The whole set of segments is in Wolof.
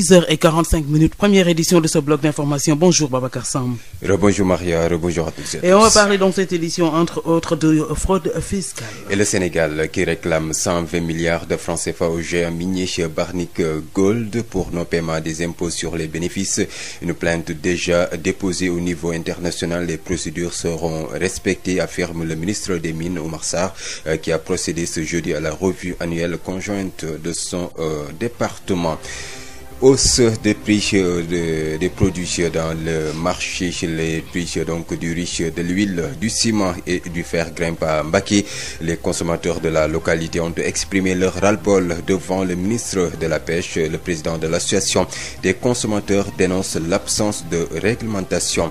6h45 minutes, première édition de ce bloc d'information. Bonjour Babacar on va parler dans cette édition, entre autres, de fraude fiscale. Et le de francs CFA au géant minier chez Barnic Gold pour non-paiement des impôts sur les bénéfices. Une niveau international. Les procédures seront respectées, affirme le ministre des Mines, Oumar Sarr, euh, qui a procédé ce jeudi à la de son euh, hausse des prix de, des produits dans le marché, les prix donc du riche de l'huile, du ciment et du fer grimpent à Mbacké. Les consommateurs de la localité ont exprimé leur ras-le-bol devant le ministre de la Pêche. Le président de l'association des consommateurs dénonce l'absence de réglementation.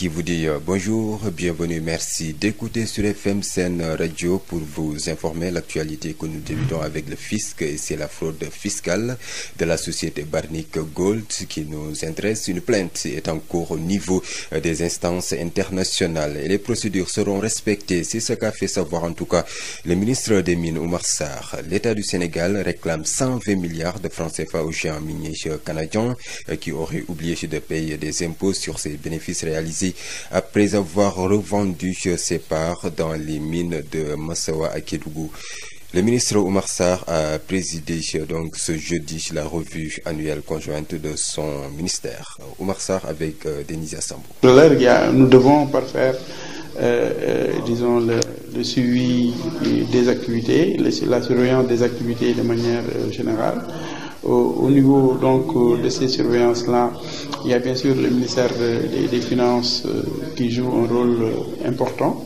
qui vous dit euh, bonjour, bienvenue, merci d'écouter sur FM Sen Radio pour vous informer l'actualité que nous débutons avec le fisc et c'est la fraude fiscale de la société Barnick Gold qui nous intéresse. Une plainte est en cours au niveau euh, des instances internationales et les procédures seront respectées. C'est ce qu'a fait savoir en tout cas le ministre des Mines Oumar L'État du Sénégal réclame milliards de francs CFA aux géants miniers canadiens euh, qui auraient oublié de payer des impôts Mali après avoir revendu euh, ses parts dans les mines de Massawa à Le ministre Oumar a présidé euh, donc ce jeudi la revue annuelle conjointe de son ministère. Oumar avec euh, Denis Nous devons parfaire, euh, le, surveillance des activités de manière générale. Au, au, niveau donc euh, de ces surveillances là, il y a bien sûr le ministère de, de, des Finances euh, qui joue un rôle euh, important,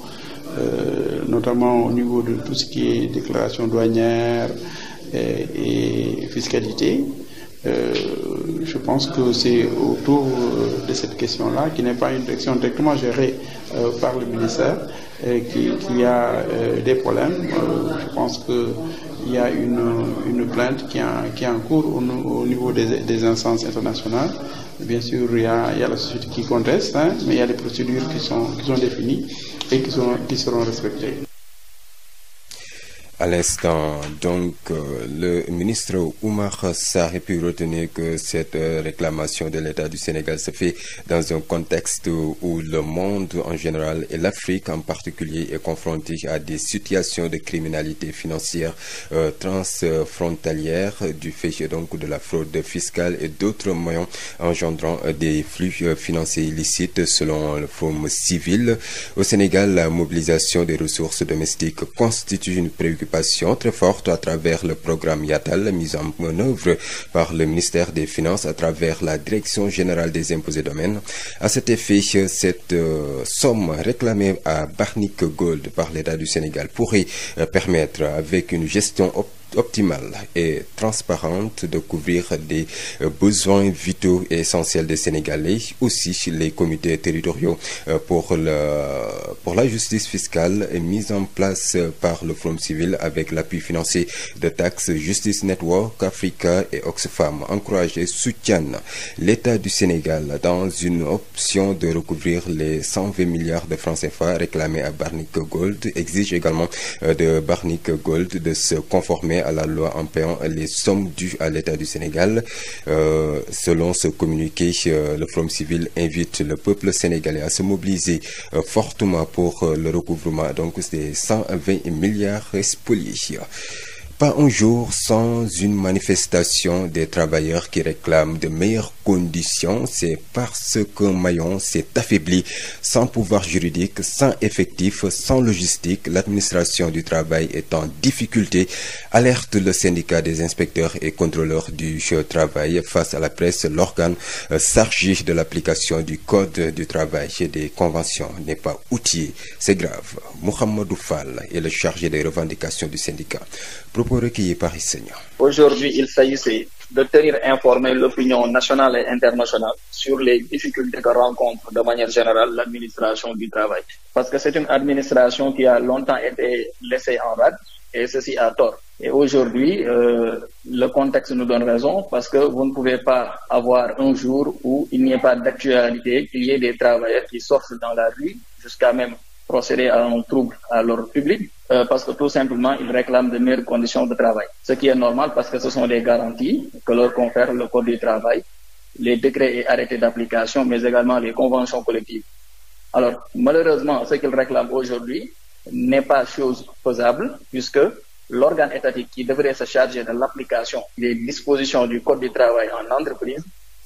euh, notamment au niveau de tout ce qui est déclaration douanière et, euh, et fiscalité. Euh, je pense que c'est autour de cette question-là, qui n'est pas une direction directement gérée euh, par le ministère, et qui, qui a euh, des problèmes. je pense que il y a une, une plainte qui est qui en cours au, au niveau des, des, instances internationales. Bien sûr, il y a, il y a la société qui conteste, hein, mais il y a des procédures qui sont, qui sont définies et qui, sont, qui seront respectées. à l'instant. Donc, euh, le ministre Oumar Sarr a pu retenir que cette euh, réclamation de l'État du Sénégal se fait dans un contexte où le monde en général et l'Afrique en particulier est confronté à des situations de criminalité financière euh, transfrontalière du fait donc de la fraude fiscale et d'autres moyens engendrant euh, des flux financiers illicites selon le Forum civil. Au Sénégal, la mobilisation des ressources domestiques constitue une participation très forte à travers le programme Yatal mis en œuvre par le ministère des Finances à travers la Direction générale des impôts et domaines. À cet effet, cette euh, somme réclamée à Barnick Gold par l'État du Sénégal pourrait euh, permettre, avec une gestion optimale et transparente de couvrir des euh, besoins vitaux et essentiels des Sénégalais, aussi les comités territoriaux euh, pour la, pour la justice fiscale mise en place par le Forum civil avec l'appui financier de Tax Justice Network Africa et Oxfam encouragent soutiennent l'État du Sénégal dans une option de recouvrir les 120 milliards de francs CFA réclamés à Barnick Gold, exige également euh, de Barnick Gold de se conformer à la loi en payant les sommes dues à l'État du Sénégal. Euh, selon ce communiqué, euh, le Forum civil invite le peuple sénégalais à se mobiliser euh, fortement pour euh, le recouvrement donc des 120 milliards spoliés. Pas un jour sans une manifestation des travailleurs qui réclament de meilleures conditions. C'est parce que Mayon s'est affaibli sans pouvoir juridique, sans effectif, sans logistique. L'administration du travail est en difficulté, alerte le syndicat des inspecteurs et contrôleurs du travail. Face à la presse, l'organe s'argit euh, de l'application du code du travail et des conventions n'est pas outillé. C'est grave. Mohamedou Fall est le chargé des revendications du syndicat. pour recueillis par Issa Niang. Aujourd'hui, il s'agissait de tenir informée l'opinion nationale et internationale sur les difficultés que rencontre de manière générale l'administration du travail. Parce que c'est une administration qui a longtemps été laissée en rade et ceci à tort. Et aujourd'hui, euh, le contexte nous donne raison parce que vous ne pouvez pas avoir un jour où il n'y ait pas d'actualité, qu'il y ait des travailleurs qui sortent dans la rue jusqu'à procéder à un trouble à l'ordre public euh, parce que tout simplement ils réclament de meilleures conditions de travail ce qui est normal parce que ce sont des garanties que leur confère le code du travail les décrets et arrêtés d'application mais également les conventions collectives alors malheureusement ce qu'ils réclament aujourd'hui n'est pas chose faisable puisque l'organe étatique qui devrait se charger de l'application des dispositions du code du travail en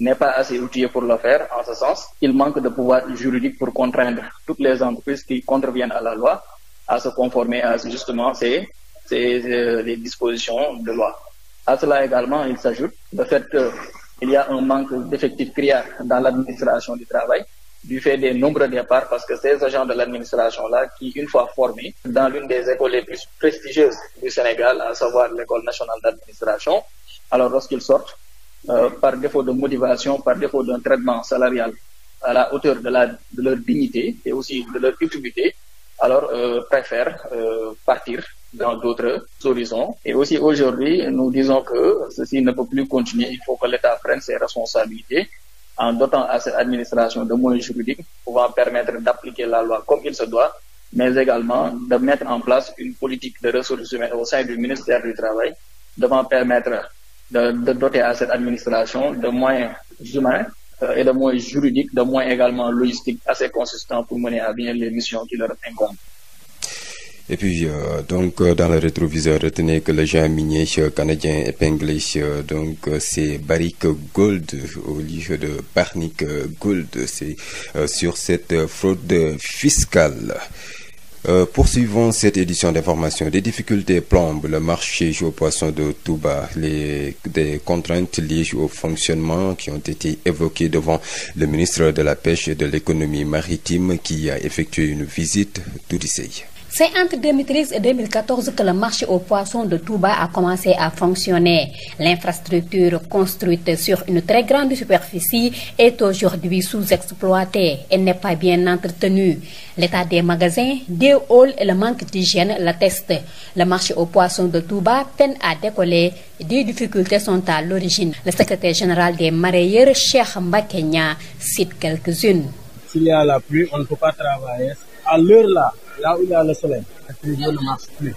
n'est pas assez outillé pour le faire en ce sens. Il manque de pouvoir juridique pour contraindre toutes les entreprises qui contreviennent à la loi à se conformer à justement ces, euh, les dispositions de loi. À cela également, il s'ajoute le fait qu'il y a un manque d'effectifs criards dans l'administration du travail du fait des nombreux départs parce que ces agents de l'administration-là qui, une fois formés dans l'une des écoles les plus prestigieuses du euh, par défaut de motivation, par défaut d'un traitement salarial à la hauteur de, la, de leur dignité et aussi de leur utilité, alors euh, préfèrent euh, partir dans d'autres horizons. Et aussi aujourd'hui, nous disons que ceci ne peut plus continuer. Il faut que l'État prenne ses responsabilités en dotant à cette administration de moyens juridiques pouvant permettre d'appliquer la loi comme il se doit, mais également de mettre en place une politique de ressources humaines au sein ministère du Travail devant de, doter à cette administration de moyens humains euh, et de moyens juridiques, de moyens également logistiques assez consistants pour mener à bien les missions qui leur incombent. Et puis, euh, donc, euh, dans le rétroviseur, retenez que le géant minier canadien épinglé, donc, c'est Barrick Gold au lieu de Barnick Gold. C'est sur cette fraude fiscale. Euh, poursuivons cette édition d'information. Des difficultés plombent le marché aux poissons de Touba. Les des contraintes liées au fonctionnement qui ont été évoquées devant le ministre de la Pêche et de l'Économie maritime qui a effectué une visite d'Odyssée. C'est entre 2013 et 2014 que le marché aux poissons de Touba a commencé à fonctionner. L'infrastructure construite sur une très grande superficie est aujourd'hui sous-exploitée et n'est pas bien entretenue. L'état des magasins, des halls et le manque d'hygiène l'attestent. Le marché aux poissons de Touba peine à décoller. Des difficultés sont à l'origine. Le secrétaire général des marailleurs, Cheikh Mbakenya, cite quelques-unes. S'il y a la pluie, on ne peut pas travailler. à l'heure là, là où il le soleil, les ne marchent plus.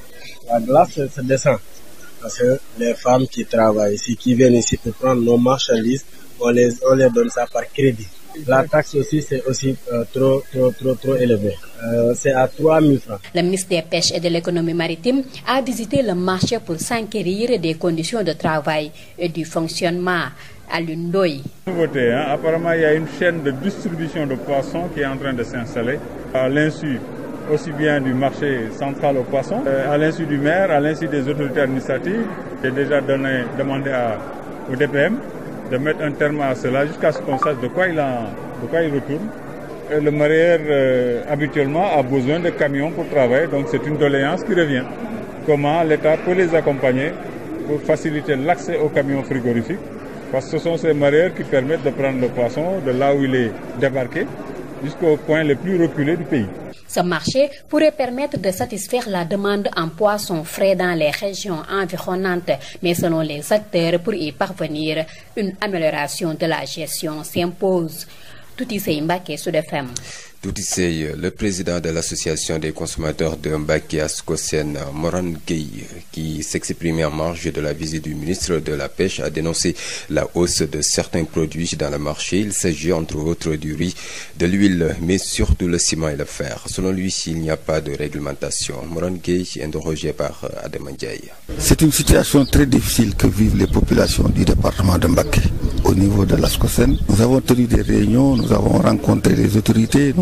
La glace se descend. Parce que les femmes qui travaillent ici, qui viennent ici pour prendre nos marchandises, on les, donne ça par crédit. La taxe aussi, c'est aussi euh, trop, trop, euh, c'est à 3 000 francs. Le ministre des Pêches et de l'économie maritime a visité le marché pour s'enquérir des conditions de travail et du fonctionnement à l'UNDOI. Nouveauté, apparemment, il y a une chaîne de distribution de poissons qui est en train à l'insu aussi bien du marché central aux poissons, euh, à l'insu du maire, à l'insu des autorités administratives. J'ai déjà donné, demandé à, au DPM de mettre un terme à cela jusqu'à ce qu'on sache de quoi il, en, de quoi il retourne. Et le marailleur habituellement a besoin de camions pour travailler, donc c'est une doléance qui revient. Comment l'État peut les accompagner pour faciliter l'accès aux camions frigorifiques Parce que ce sont ces marailleurs qui permettent de prendre le poisson jusqu'au point Ce marché pourrait permettre de satisfaire la demande en poissons frais dans les régions environnantes, mais selon les acteurs, pour y parvenir, une amélioration de la gestion s'impose. Tout ici, Mbaké, Sud FM. Touti le président de l'association des consommateurs de Mbacké Ascosen, Moran Gueye, qui s'exprimait en marge de la visite du ministre de la Pêche, a dénoncé la hausse de certains produits dans le marché. Il s'agit entre autres du riz, de l'huile, mais surtout le ciment et le fer. Selon lui, il n'y a pas de réglementation. Moran Gueye, interrogé par Adama Ndiaye. C'est une situation très difficile les populations du département de Mbacké. Au niveau de l'Ascosen, nous avons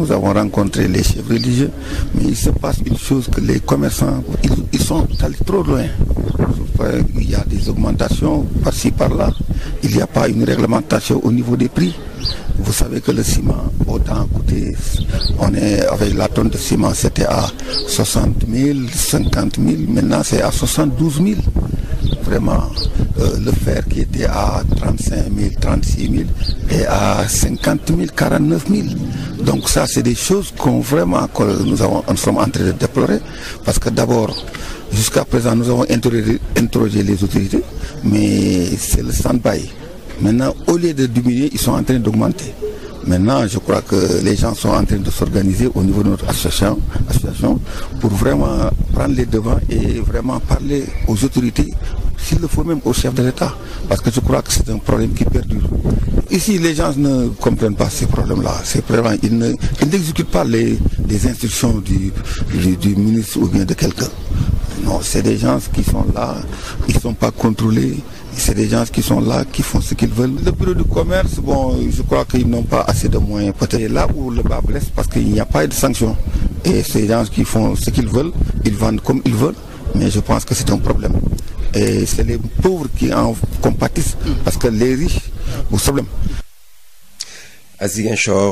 nous avons rencontré les chefs religieux, mais il se les commerçants, ils, ils sont allés trop loin. Il par-ci, par-là. Il n'y au niveau des prix. que le ciment, autant coûter, on est avec la tonne de ciment, c'était à 60 000, 50 000, maintenant c'est à 72 000 vraiment euh, le fer qui était à 35 000, 36 000 et à 50 000, 49 000. Donc ça, c'est des choses qu'on vraiment que nous, avons, nous sommes en de déplorer, parce que d'abord, jusqu'à présent, nous avons interrogé, les autorités, mais c'est le stand-by. Maintenant, au lieu de diminuer, ils sont en d'augmenter. Maintenant, je crois que les gens sont en train de s'organiser au niveau de notre association, association pour vraiment prendre les devants et vraiment parler aux autorités, s'il le faut même au chef de l'État, parce que je crois que c'est un problème qui perdure. Ici, les gens ne comprennent pas ces problèmes-là. Ces problèmes, ils n'exécutent ne, pas les, les instructions du, du, du ministre ou bien de quelqu'un. Non, c'est des gens qui sont là, ils ne sont pas contrôlés, c'est des gens qui sont là, qui font ce qu'ils veulent. Le bureau du commerce, je crois qu'ils n'ont pas assez de moyens. Peut-être là où le bas blesse parce qu'il n'y a pas de sanctions. Et ces gens qui font ce qu'ils veulent, ils vendent comme ils veulent, mais je pense que c'est un problème. Et c'est les pauvres qui en compatissent parce que les riches, vous savez. À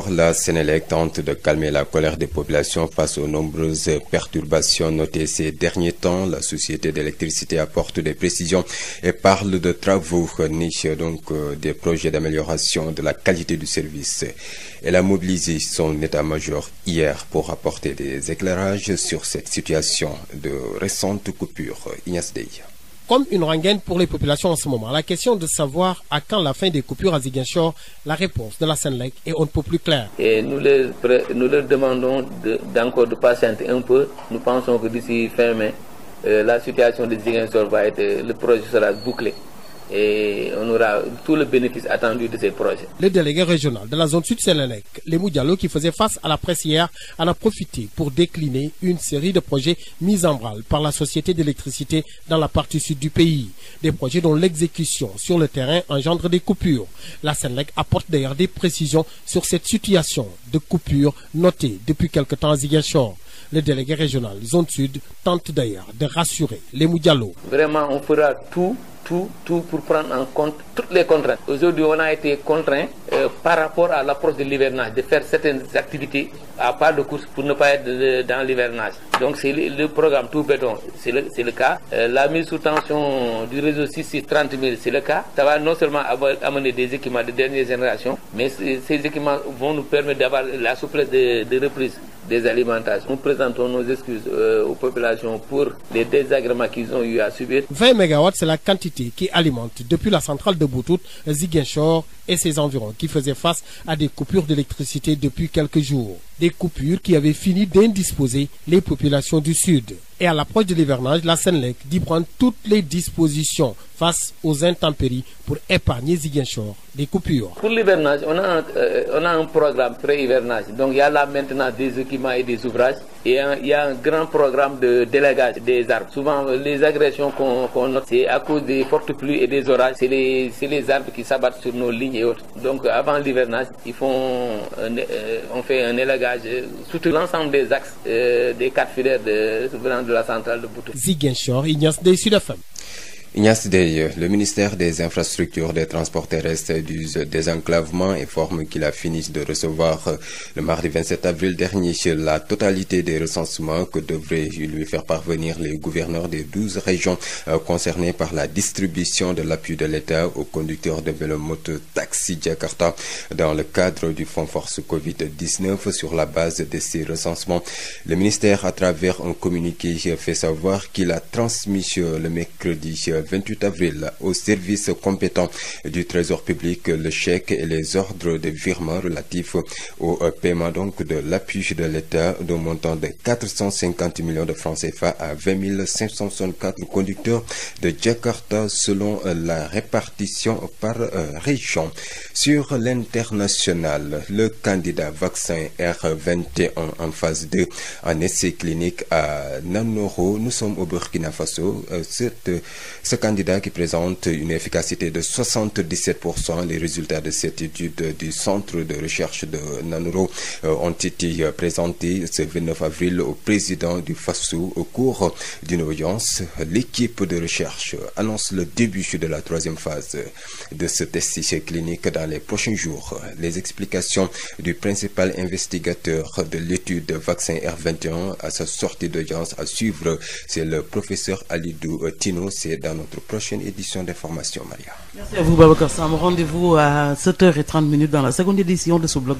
la Sénélec tente de calmer la colère des populations face aux nombreuses perturbations notées ces derniers temps. La société d'électricité apporte des précisions et parle de travaux niche donc euh, des projets d'amélioration de la qualité du service. et a mobilisé son état-major hier pour apporter des éclairages sur cette situation de récente coupure. Ignace Dey. comme une rengaine pour les populations en ce moment. La question de savoir à quand la fin des coupures à Ziguinchor, la réponse de la Sénélec est on ne peut plus claire. nous, leur demandons d'encore de, de, un peu. Nous pensons que d'ici fin euh, la situation de Ziguinchor va être, le projet sera bouclé. et on aura tout le bénéfice attendu de ces projets. Le délégué régional de la zone sud Sénélec, Lemou Diallo, qui faisait face à la presse en a profité pour décliner une série de projets mis en branle par la société d'électricité dans la partie sud du pays. Des projets dont l'exécution sur le terrain engendre des coupures. La Sénélec apporte d'ailleurs des précisions sur cette situation de coupure notée depuis quelque temps à Ziguinchor. Le délégué régional zone sud tente d'ailleurs de rassurer Lemou Diallo. Vraiment, tout, tout pour prendre en compte toutes les contraintes. Aujourd'hui, on a été contraint euh, par rapport à l'approche de l'hivernage, de faire certaines activités à part de course pour ne pas être de, de, dans l'hivernage. Donc c'est le, le, programme tout béton, c'est le, le, cas. Euh, la mise sous tension du réseau 630 000, c'est le cas. Ça va non seulement amener des équipements de dernière génération, mais ces équipements vont nous permettre d'avoir la souplesse de, de reprise des alimentations. Nous présentons euh, pour les désagréments qu'ils activité qui alimente depuis la centrale de Boutout, Ziguinchor et ses environs qui faisaient face à des coupures d'électricité depuis quelques jours. Des coupures qui avaient fini d'indisposer les populations du Sud. et à l'approche de l'hivernage, la Senelec dit prendre toutes les dispositions face aux intempéries pour épargner Ziguinchor des coupures. Pour l'hivernage, on, a un euh, programme pré Donc il y a là maintenant des équipements et des ouvrages. Et un, grand programme de délagage des arbres. Souvent, les agressions qu'on qu note, c'est à cause des fortes pluies et des orages. C'est les, les, arbres qui s'abattent sur nos lignes et autres. Donc avant l'hivernage, de la centrale de Boutou. Ziguinchor, Ignace Ndeye Sud Ignace Deye, le ministère des Infrastructures, des Transports terrestres et du désenclavement informe qu'il a fini de recevoir euh, le mardi 27 avril dernier la totalité des recensements que devraient lui faire parvenir les gouverneurs des 12 régions euh, concernées par la distribution de l'appui de l'État aux conducteurs du Fonds Force covid la base de ces recensements. Le ministère, à travers un communiqué, fait savoir le 28 avril au service compétent du Trésor public le chèque et les ordres de virement relatifs au euh, paiement donc de l'appui de l'État d'un montant de 450 millions de francs CFA à conducteurs de Jakarta selon euh, la répartition par euh, région. Sur l'international, le candidat vaccin r en phase 2 en essai clinique à Nanoro, nous sommes au Burkina Faso. Cette Ce candidat qui présente une efficacité de 77%, les résultats de cette étude du Centre de recherche de Nanuro euh, ont été euh, présentés ce 29 avril au président du FASU au cours d'une audience. L'équipe de recherche annonce le début de la troisième phase de ce test les prochains jours. Les explications du principal investigateur de l'étude vaccin r à sa sortie d'audience à le professeur Alidou euh, notre prochaine édition d'information, Maria. Merci à vous, Babacar Sam. Rendez-vous à 7h30 dans de ce bloc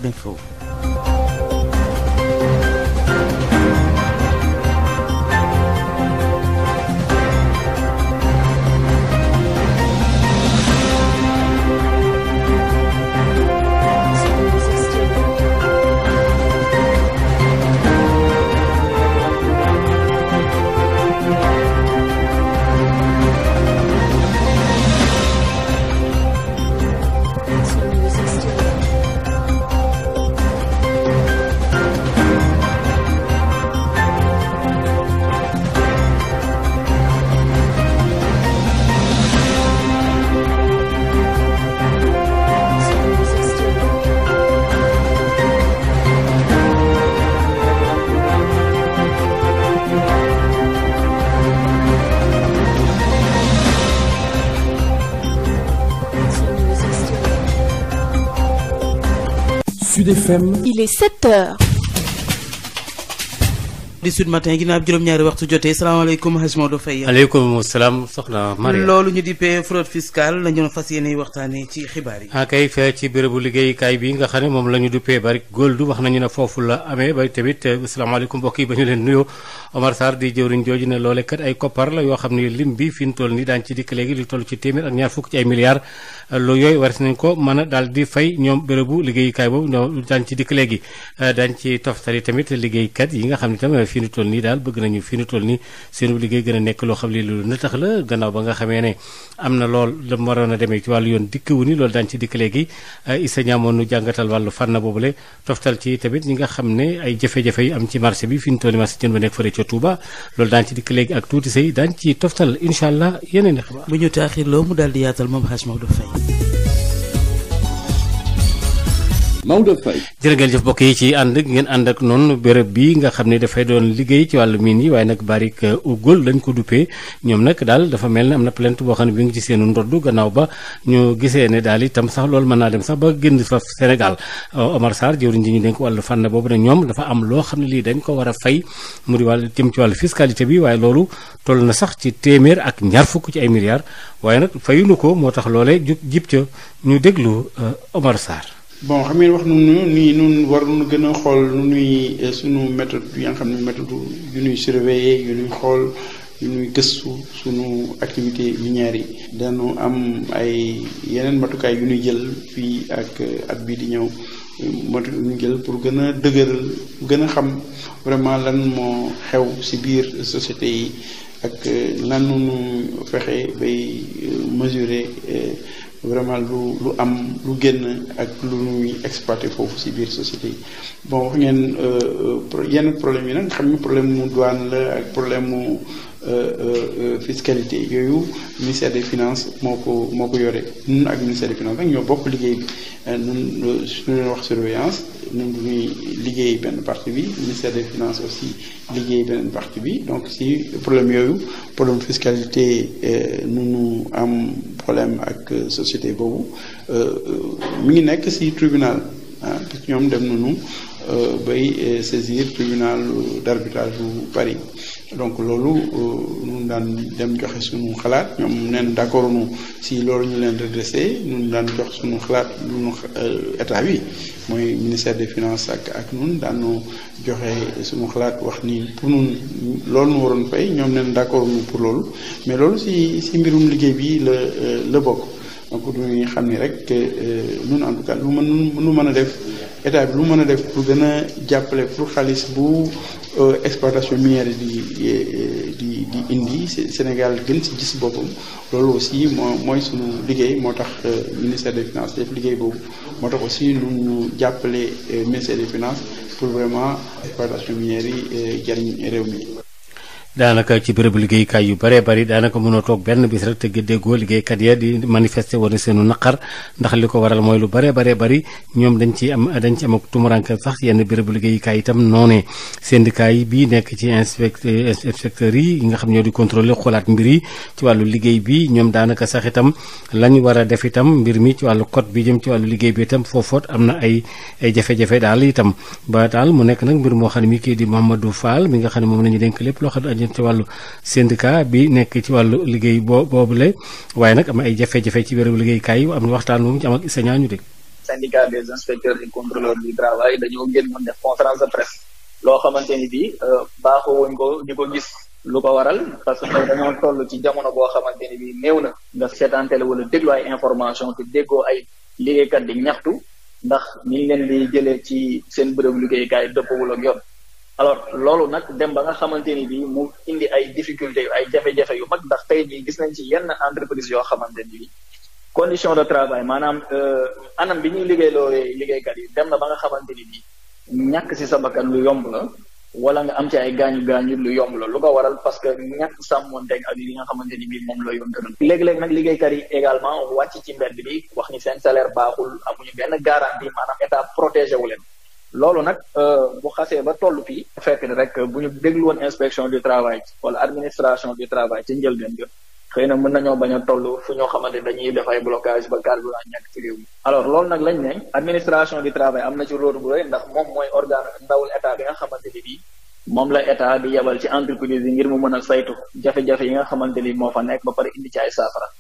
Sud FM. Il est 7 heures. di Sud Matin ginnaaw juróom-ñaari waxtu jotee salaamaaleykum Hadj Maodo Faye. aleykum salaam soxna loolu ñu di pay fraude fiscale la ñu fas yéene waxtaanee ci xibaar yi. akay fee ci bérébu liggéeyukaay bi nga xam ne moom la ñu duppee Barrick Gold wax nañu ne foofu la amee ba tamit eh, salaamaaleykum mbokk yi ba ñu leen nuyoo Omar Sarr di jëwriñ jooju ne loole ay koppar la yoo xam ne lim bi fi mu toll nii daañu ci dikk léegi lu toll ci téeméer ak ñaar fukk ci ay milliards eh, lu yooyu war a daal di fay ñoom bérébu liggéeyukaay boobu daañu ci dikk léegi eh, daañu ci toftali tamit liggéeykat yi nga xam ne tam fi ñu toll nii daal bëgg nañu fi ñu toll nii seen liggéey gën a nekk loo xam ne lu na tax la gannaaw ba nga xamee ne am na lool la waroon a demee ci wàllu yoon dikk wu ni loolu daan ci dikk léegi euh, Issa ñaamoon nu jàngatal wàllu fànn boobule toftal ci tamit ñi nga xam ne ay jafe-jafe yu am ci marché bi fi ñu toll nii marché jën ba nekk fële ca Touba loolu daan ci dikk léegi ak tuuti say daan ci toftal incha allah yeneen i xibaar bu ñu taaxir loo mu daal di yaatal moom Hadj Maodo Faye. jërëjëf mbokk yi ci ànd ngeen ànd ak noonu béréb bi nga xam ne dafay doon liggéey ci wàllu miin yi waaye nag barik euh, ugol dañ ko duppee ñoom nag daal dafa mel ne am na plainte boo xam ne bi ngi ci seenu ndodd gannaaw ba ñu gisee ne daal itam sax loolu mën naa dem sax ba génn fa Sénégal euh, Omar Sarr jëwriñ ji ñu dénk wàllu fànn boobu nag ñoom dafa am loo xam ne lii dañ ko war a fay mu di wàllu jëm ci wàllu fiscalité bi waaye loolu toll na sax ci téeméer ak ñaar fukk ci ay milliards waaye nag fayuñu ko moo tax loole jub jib ca ñu déglu euh, Omar Sarr bon xam ngeen wax nunu nii nun war nu gën a xool nu nuy euh, suñu méthode yi nga xam ne méthode yu nuy surveiller yu nuy xool yu nuy gëstu suñu activité minière yi dañu am ay yeneen matukaay yu nuy jël fii ak euh, at bi di ñëw matu ñu jël pour gën a dëgëral gën a xam vraiment lan moo xew ci biir société yi ak lan euh, nu fexe bay mesurer vraiment lu lu am lu génn ak lu ñuy exploité foofu ci biir société yi bon wax ngeen euh, euh, yenn problème yi nag xam nga problème mu douane la ak problème mu Euh, euh, euh, fiscalité yooyu ministère des finances moo ko moo ko yore ñun ak ministère des finances nag ñoo bokk liggéey bi ñun suñu leen wax surveillance ñun du ñuy liggéey benn parti bi ministère des finances aussi liggéey beneen partie bi donc si problème yooyu problème fiscalité nu ñu am problème ak société boobu mu ngi nekk si tribunal ah parce que ñoom dem nañu bay saisir tribunal d'arbitrage bu Paris donc loolu euh, ñun daan dem joxe suñu xalaat ñoom neen d'accord nu si loolu ñu leen redressé ñun daan jox suñu xalaat ñun euh, état bi mooy ministère des finance ak ak daan daanu joxe suñu xalaat wax nii pour ñun loolu nu waroon fay ñoom neen d'accord nu pour loolu mais loolu si si mbirum liggéey bi la euh, la bokk donc duñuy xam ni rek que ñun en tout cas lu mën lu mën a def état bi lu mën a def pour gën a jàppale pour xaalis bu Euh, exploitation minière di di di indi Sénégal gën ci gis boppam loolu aussi moo mooy sunu liggéey moo tax euh, ministère de finances def liggéey boobu moo tax aussi lu ñu jàppale euh, ministère des finances pour vraiment exploitation minière yi jariñ réew mi. daanaka ci bérébu liggéeykaay yu bëree bëri daanaka mënoo toog benn bis rek te déggoo liggéeykat ya di manifester wane seenu naqar ndax li ko waral mooy lu bëree bëree bëri ñoom dañ ci am dañ ci am ak tumuranke sax yenn bérébu liggéeykaay itam noonee syndicat yi bii nekk ci inspect inspecteurs yi nga xam ñoo di contrôler xoolaat mbir yi ci wàllu liggéey bi ñoom daanaka sax itam lañ war a def itam mbir mi ci wàllu code bi jëm ci wàllu liggéey bi itam foofoot am na ay ay jafe-jafe daal itam ba daal mu nekk nag mbir moo xam ne mi kii xam ne moom la ñu ci wàllu syndicat bi nekk ci wàllu liggéey boo boobule waaye nag am ay jafe-jafe ci bérébu liggéeykaay yi am na waxtaan bu mu ci am ak sañaa ñu dégg syndicat des inspecteurs et contrôleurs du travail dañoo génnoon def conférence de presse loo xamante ni bii euh, baaxoo wuñ ko ñu ko gis lu ko waral parce que dañoo toll ci jamono boo xamante ni bii na nga seetaan télé wala déglu ay information te déggoo ay liggéeykat di ñaxtu ndax niñ leen di jëlee ci seen bërëb liggéeykaay dëppawul ak yoon alors loolu nag dem ba nga xamante ni bii mu indi ay difficultés yu ay jafe-jafe yu mag ndax tey jii gis nañ ci yenn entreprise yoo xamante ni bii condition de travail maanaam euh, anam bi ñuy liggéey liggéeykat yi dem na ba nga xamante ni bii ñàkk si sa bakkan lu yomb la wala nga am ci ay gaañu gaañu lu yomb la lu ko waral parce que ñàkk sàmmonteeg ak li nga xamante ni bii moom la yoon tëral léeg-léeg nag liggéeykat yi également wàcc ci mbedd bi wax ni seen salaire baaxul amuñu benn garantie maanaam état protégé wu loolu nag euh, bu xasee ba toll fii fekk ni rek bu ñu déglu woon inspection du travail wala administration du travail ci njëlbeen ga xëy na mën nañoo bañ a toll fu ñoo xamante dañuy def ay blocage ba carburant ñàkk ci réew alors loolu nag lañ ne administration du travail am na ci rôle bu rëy ndax moom mooy organe ndawul état bi nga xamante ni moom la état bi yebal ci entreprise yi ngir mu mën a saytu jafe-jafe yi nga xamante ni moo fa nekk ba pare indi ci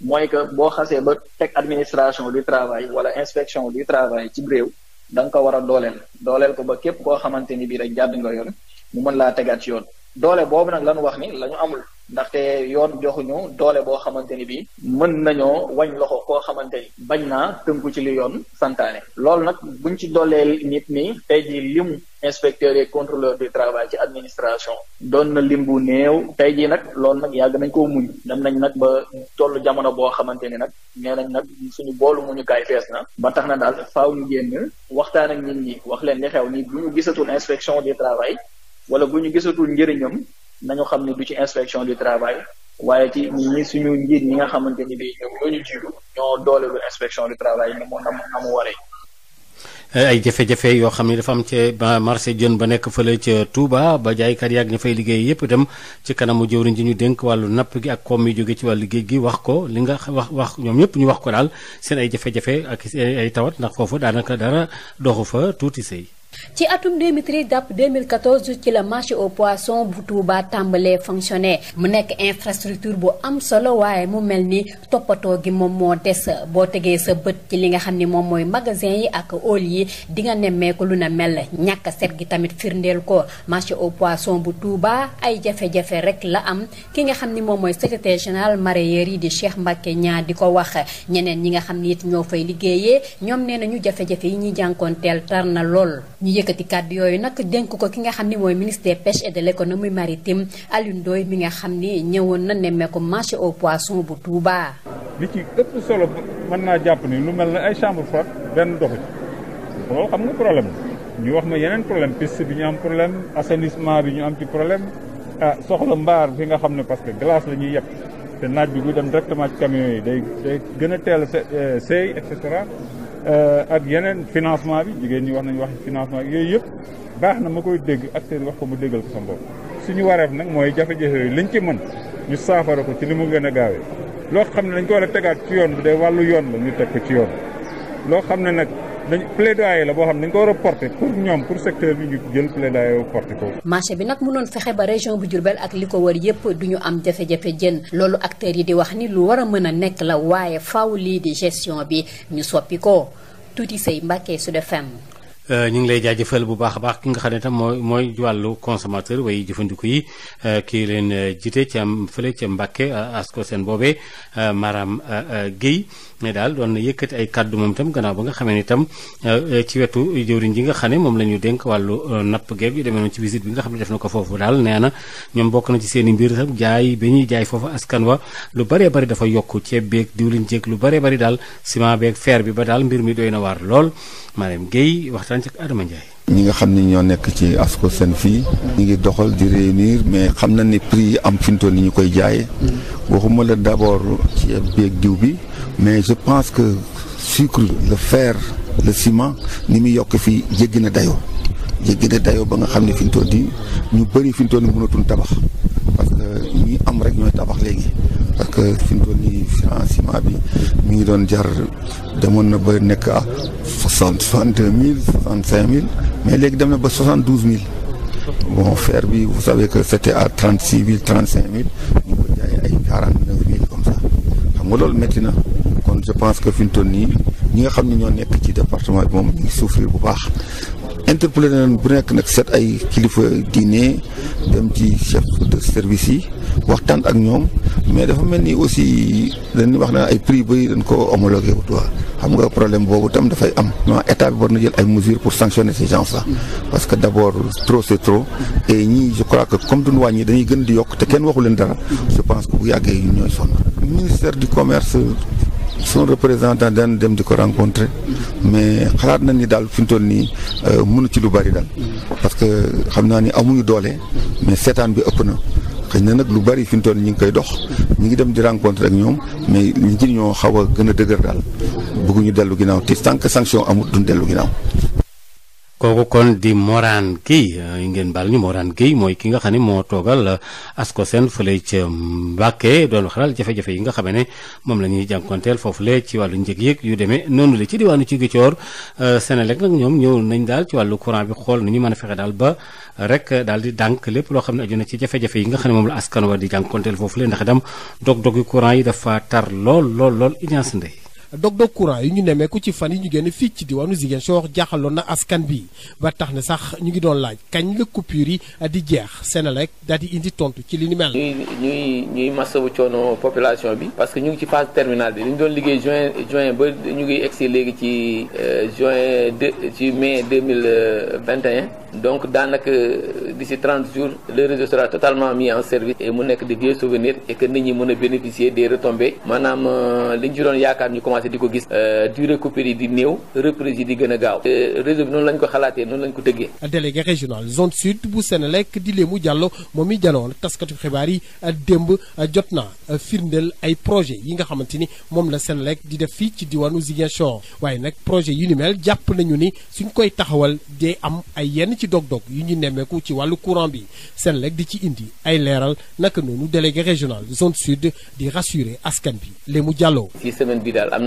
mooy que boo xasee ba teg administration du travail wala inspection du travail ci réew danga nga ko war a dooleel dooleel ko ba képp koo xamante ni bii rek jàdd nga yoon mu mën laa tegaat ci yoon doole boobu nag lañu wax ni la ñu amul ndaxte yoon joxuñu doole boo xamante ni bii mën nañoo wañ loxo koo xamante ni bañ naa tënku ci li yoon santaane loolu nag buñ ci dooleel nit ni te ji limu inspecteurs et contrôleurs du travail ci administration doon na lim bu néew tey jii nag loolu nag yàgg nañ ko muñ dem nañ nag ba toll jamono boo xamante ni nag nee nañ nag suñu boolu muñu kaay fees na ba tax na daal faw ñu génn waxtaan ak nit ñi wax leen li xew ni bu ñu gisatul inspection du travail wala bu ñu gisatul njëriñam nañu xam ne du ci inspection du travail waaye ci ñi suñu njiit ñi nga xamante ni bi ñoom ñoo jiitu ñoo doole lu inspection du travail ni moo na mu waree ay jafe-jafe yoo xam ne dafa am ca marché jën ba nekk fële ca Touba ba jaaykat yaag ña fay liggéey yépp dem ci kanamu jëw jëwriñ ji ñu dénk wàllu napp gi ak koom yi jóge ci wàllu géej gi wax ko li nga wax wax ñoom ñëpp ñu wax ko daal seen ay jafe-jafe ak ay tawat ndax foofu daanaka dara doxu fa tuuti sëy ci atum 2013 jàpp 2014 ci la marché aux poissons bu Touba tàmbalee fonctionné mu nekk infrastructure bu am solo waaye mu mel ni toppatoo gi moom moo des boo tegee sa bët ci li nga xam ni moom mooy magasin yi ak hall yi di nga nemmeeku lu ne mel ñàkk set gi tamit firndeel ko marché aux poissons bu Touba ay jafe-jafe rek la am ki nga xam ni moom mooy secrétaire général mareyeur yi di Cheikh Mbacke ñaar di ko wax ñeneen ñi nga xam ni ñoo fay liggéeyee ñoom nee nañu jafe-jafe yi ñuy jànkoonteel tar na lool. ñu yëkkati kàddu yooyu nag dénk ko ki nga xam ni mooy ministre des pêches et de l'économie maritime Alioune Ndoye mi nga xam ni ñëwoon na nemmeeku marché au poisson bu Touba. li ci ëpp solo mën naa jàpp ni lu mel na ay chambre forte benn doxu ci loolu xam nga problème wax ma yeneen problème piste bi bi ñu ci problème ah mbaar fi nga xam ne parce que glace la ñuy yeb te naaj bi buy dem directement ci yi day day gën a teel a euh, seey Euh, ak yeneen financement bi jigéen ñi wax nañu wax financement yooyu yëpp baax na ma koy dégg acteur wax ko mu déggal ko sa bopp suñu wareef nag mooy jafe-jafe yooyu liñ ci mën ñu saafara ko ci li mu gën a gaawee loo xam ne dañ ko war a tegaat ci yoon bi day wàllu yoon la ñu teg ko ci yoon loo xam ne nag dañ plaidoyer la boo xam ne dañ war a porter pour ñoom pour secteur bi ñu jël plaidoyer porter ko. marché bi nag mu mënoon fexe ba région bu Diourbel ak li ko wër yépp du ñu am jafe-jafe jën loolu acteurs yi di wax ni lu war a mën a nekk la waaye faw lii di gestion bi ñu soppi ko tuuti say Mbàkke Sud FM Euh, ñu ngi lay jaajëfal bu baax a baax ki nga xam ne tam mooy mooy wàllu consommateur way jëfandiku yi euh, kii leen euh, jiite ca fële ca Mbàkke asko seen boobee Maram Guèye ne daal doon na yëkkati ay kàddu moom gannaaw ba nga xamee ni itam ci wetu jëwriñ ji nga xam ne moom la ñu dénk wàllu napp geeg yu demee noonu bi nga xam ne def na ko foofu daal nee na ñoom bokk na ci seen i mbir tam jaay bi ñuy jaay foofu askan wa lu baree bari dafa yokk ceeb beeg diwlin jéeg lu baree bari daal ciment beeg feer bi ba daal mbir mi doy na waar lool Marème Guèye waxtaan ci ak ñi nga xam ni ñoo nekk ci ASCO seen fii. ñu ngi doxal di réunir mais xam na ni prix yi am fintoon ni ñu koy jaayee. waxuma la d' abord ceeb beeg diw bi mais je pense que sucre le fer le ciment ni muy yokk fii jéggi na dayoo jéggi na dayoo ba nga xam ne fintoon di ñu bëri fintoon ni mënatuñ tabax. parce que ñi am rek ñooy tabax léegi parce que fi mu toll nii financement bi mi ngi doon jar demoon na ba nekk à soixante soixante deux mille soixante cinq mille mais léegi dem na ba soixante douze mille bon fer bi vous savez que c' était à trente six mille trente cinq mille ñu ko jaay ay quarante neuf mille comme ça xam nga loolu métti na kon je pense que fi mu toll nii ñi nga xam ne ñoo nekk ci département bi moom ñu ngi souffrir bu baax. interpellé bu nekk nag seet ay kilifa diine dem ci chef de service yi waxtaan ak ñoom mais dafa mel ni aussi dañ wax na ay prix bëri dañ ko homologué bu tuwa xam nga problème boobu tam dafay am non état bi war na jël ay mesures pour sanctionner ces gens là parce que d' abord trop c' est trop et ñii je crois que comme duñ wàññi dañuy gën di yokk te kenn waxu leen dara je pense que bu yàggee ñooy sonn ministère du commerce son représentant daan dem di ko rencontrer mais xalaat nañ ni daal fi mu toll nii euh, mënu ci lu bari daal parce que xam naa ni amuñu doole mais seetaan bi ëpp na xëy na nag lu bari fi mu toll ñu ngi koy dox ñu ngi dem di rencontre ak ñoom mais ñu ci ñoo xaw a gën a dëgër daal bëgguñu dellu ginnaaw te tant que sanction amut duñ dellu ginnaaw kooku kon di Morane Gueye euh, ngeen baal ñu Morane géey mooy ki nga xam ne moo toogal euh, Ascosen fële ca Mbàkke doon wax daal jafe-jafe yi nga xam ne moom la ñuy jànkonteel foofule ci wàllu njëg yéeg yu demee noonu la ci diwaanu ci Gicoor euh, Senelec nag ñoom ñëw nañ daal ci wàllu courant bi xool nu ñu mën a fexe daal ba rek daal di dànk lépp loo xam ne aju na ci jafe yi nga xam ne moom la askan wa di jànkonteel foofule ndax itam dog-dog yu courant yi dafa tar lool lool lool Ignace Ndeye dog-dog courant yi ñu nemmeeku ci fan yi ñu génn fii ci diwaanu Ziguinchor jaaxaloon na askan bi ba tax na sax ñu ngi doon laaj kañ la coupure yi di jeex Senelec daal di indi tontu ci li ni mel. ñuy ñuy ñuy masawu coono population bi. parce que ñu ngi ci phase terminale bi. li ñu doon liggéey juin juin ba ñu ngi egsi léegi ci euh, juin deux ci mai deux mille vingt donc daanaka euh, d'ici trente jours le réseau sera totalement mis en service. et mu nekk de vieux souvenirs et que nit ñi a bénéficier des retombées maanaam euh, li ñu commencé di ko gis euh, durée coupure yi di néew reprise yi di gën gaaw réseau bi noonu lañ ko xalaatee noonu lañ ko tëggee délégué régional zone sud bu Senelec di Léemu Diallo moom i janoon taskatu xibaar yi euh, démb euh, jot na firndeel ay projet yi nga xamante ni moom la Senelec di def fii ci diwaanu Ziguinchor waaye nag projet yu ni mel jàpp nañu ni suñ koy taxawal dee am ay yenn ci dog-dog yu ñu nemmeeku ci wàllu courant bi Senelec di ci indi ay leeral naka noonu délégué régional zone sud di rassurer askan bi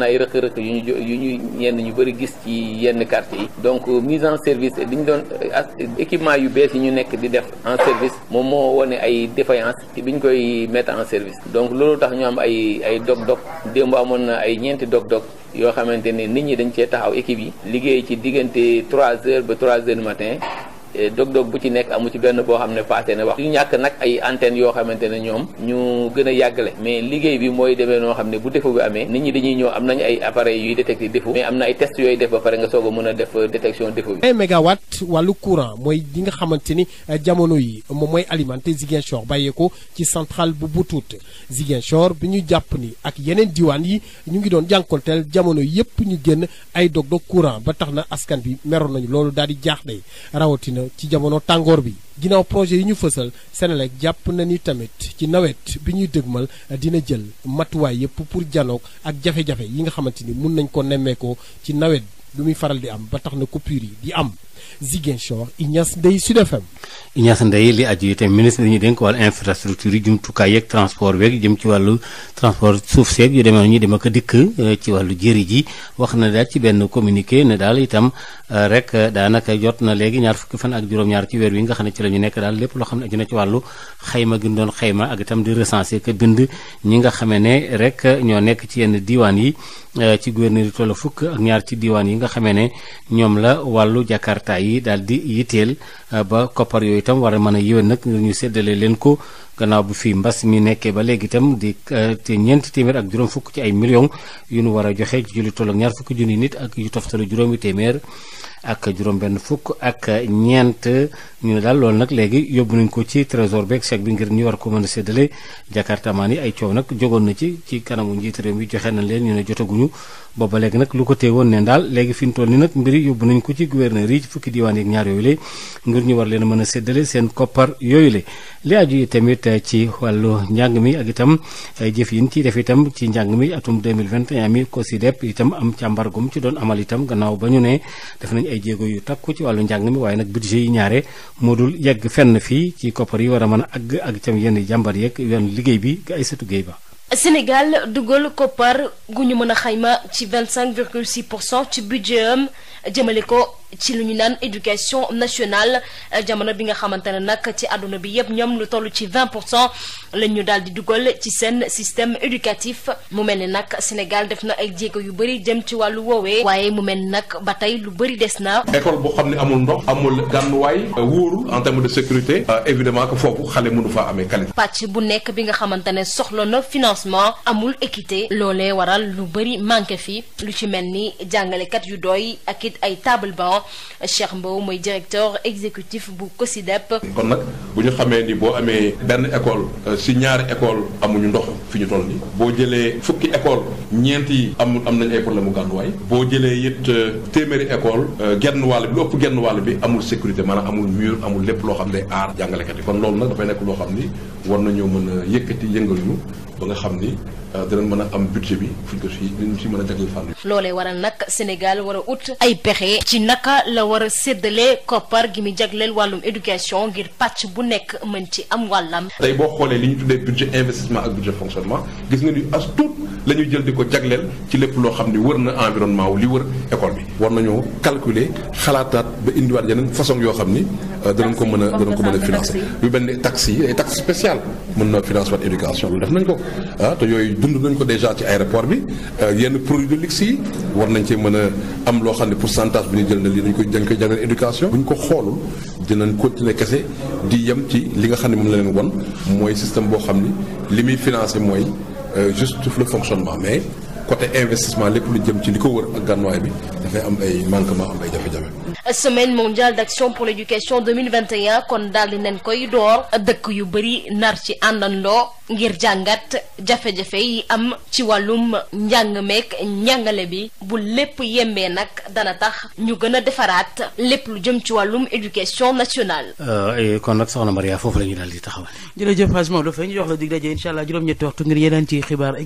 na ay rëq-rëq yu ñu yu ñu ñenn ñu bëri gis ci yenn quartier yi donc euh, mise en service li ñu doon euh, équipement yu bees yi ñu nekk di def en service moom moo wone ay défaillance ci bi ñu koy mettre en service donc loolu tax ñu am ay ay dog-dog démb amoon na ay ñeenti dog-dog yoo xamante ne nit ñi dañ cee taxaw équipe yi liggéey ci diggante trois heures ba 3 heures du matin Eh, dog-dog bu ci nekk amu ci benn boo xam ne paase na wax yu ñàkk nag ay antenne yoo xamante ne ñoom ñu gën a yàggale mais liggéey bi mooy demee noo xam ne bu défaut bi amee nit ñi dañuy ñëw am nañu ay appareils yuy détecté défaut mais am na ay tests yooyu def ba pare nga soog a mën a def euh, détection défaut bi. 1 mégawatt wàllu courant mooy li nga xamante ni euh, jamono yi moom mooy alimenté Ziguinchor bàyyeeko ci centrale bu Boutout Ziguinchor bi ñu jàpp ni ak yeneen diwaan yi ñu ngi doon jànkonteel jamono yëpp ñu génn ay dog-dog courant ba tax na askan bi meroon nañu loolu daal di jaaxle rawatina ci jamono tàngoor bi ginnaaw projet yi ñu fësal Senelec jàpp na ni tamit ci nawet bi ñuy dëgmal dina jël matuwaay yépp pour janook ak jafe-jafe yi nga xamante ni mun nañ ko nemmeekoo ci nawet lu muy faral di am ba tax na coupure yi di am Ziguinchor Ignace su Sud FM. Ignace Ndeye li aju itam ministre ñu denk wàllu infrastructure yi jumtukaay yeeg transport beeg jëm ci wàllu transport suuf seeg yu demee ñu dem ak dikk euh, ci wàllu jëri ji wax na daal ci benn communiqué ne daal itam euh, rek euh, daanaka jot na léegi ñaar fukki fan ak juróom-ñaar ci weer wi nga xam ne ci la ñu nekk daal lépp loo xam ne aju na ci wàllu xayma gi doon xayma ak itam di recenser que bind ñi nga xamee ne rek ñoo nekk ci yenn diwaan yi ci gouverneur yi toll ñaar ci diwaan yi nga xamee ne ñoom la wàllu Jakarta état yi daal di yitteel uh, ba koppar yooyu itam war a mën a yéwén nag ngir ñu séddale leen ko gannaaw bu fi mbas mi nekkee ba léegi tam di ñeent eh, ñeenti téeméer ak juróom fukk ci ay million yu nu war a joxe ci julli tolloog ñaar fukki junni nit ak yu toftalu juróomi téeméer ak juróom benn fukk ak ñeent ñu ne daal loolu nag léegi yóbbu nañ ko ci trésor beeg chèque bi ngir ñu war ko mën a séddale jakartamaan yi ay coow nag jógoon na ci ci kanamu njiit réew mi joxe nañ leen ñu ne jotaguñu booba léegi nag lu ko téewoon ne daal léegi fi mu toll ni nag mbiri yóbbu nañ ko ci gouverneur yi ci fukki diwaan yeeg ñaar yooyu la ngir ñu war leen a mën a séddale seen koppar yooyu le li aju tamit ci wàllu njàng mi ak itam ay jëf yin ci def itam ci njàng mi atum 2021 mi COSYDEP itam am càmbar gum ci doon amal itam gannaaw ba ñu ne def nañ ay jéego yu takku ci wàllu njàng mi waaye nag budget yi ñaare moo dul yegg fenn fii ci koppar yi war a mën a àgg ak itam yenn jàmbar yeeg yoon liggéey bi ay sëtu géey ba Sénégal dugal koppar gu ñu mën a xayma ci ci budget am jëmale ko ci lu ñu naan éducation nationale euh, jamono bi nga xamante ne nag ci àdduna bi yëpp ñoom lu toll ci 20 pour cent la ñu daal di dugal ci seen système éducatif mu mel ni nag Sénégal def na ay jéego yu bari jëm ci wàllu woowee waaye mu mel ni nag ba tey lu bëri des na. école boo xam ne amul ndox amul gànnuwaay euh, wóorul en terme de sécurité euh, évidemment que foofu xale mënu faa amee qualité. pàcc bu nekk bi nga xamante ne soxla na financement amul équité loolee waral lu bëri manqué fi lu ci mel ni jàngalekat yu doy ak it ay table ans Cheikh Mbow mooy directeur exécutif bu COSIDEP. kon nag bu ñu xamee ni boo amee benn école euh, si ñaari école amuñu ndox fi ñu toll nii boo jëlee fukki école ñeenti am am nañ ay problème mu gànnuwaay boo jëlee it euh, téeméeri école euh, genn wàll bi lu ëpp genn wàll bi amul sécurité maanaam amul wiir amul lépp loo xam ne aar jàngalekat kon loolu nag dafay nekk loo xam ni war nañoo mën a yëkkati yëngal ñu ba nga xam ni euh, dinañ mën a am budget bi fuñ ko fii ñu si mën a jagleel fànn. loolee waral nag Sénégal war a ut ay pexe ci naka la war a séddale koppar gi mu jagleel wàllum éducation ngir pàcc bu nekk mën ci am wàllam. tey boo xoolee li ñu tuddee budget investissement ak budget fonctionnement gis nga ni as tuut la ñuy jël di ko jagleel ci lépp loo xam ni wër na environnement li wër école bi. war nañoo calculer xalaataat ba indiwaat yeneen façon yoo xam ni. Euh, danañ ko mën a danañ ko mën a financer. lu mel ni taxes yi ay taxes mën na financer waat éducation loolu nañ ko. ah te yooyu dund nañ ko déjà ci aéroport bi euh, yenn produit de luxe yi war nañ cee mën a am loo xam ne pourcentage bi ñu jël na lii dañ koy dañ koy éducation. bu ñu ko xoolul dinañ continuer kese di yem ci li nga xam ne moom la leen won mooy système boo xam ni li muy financé mooy euh, juste le fonctionnement mais. côté investissement lépp lu jëm ci li ko wër ak gànnuwaay bi dafay am ay manquement am ay jafe-jafe. kon daal di nañ koy door dëkk yu bari nar ci àndandoo ngir jàngat jafe-jafe yi am ci wàllum njàng meek njàngale bi bu lépp yembee nag dana tax ñu gën a defaraat lépp lu jëm ci wàllum éducation nationale. Euh, kon nag soxna Maria foofu la ñu daal di taxawal. jërëjëf Hadj Maodo Faye ñu jox la dig daje incha allah juróom-ñetti waxtu ngir yeneen ci xibaar.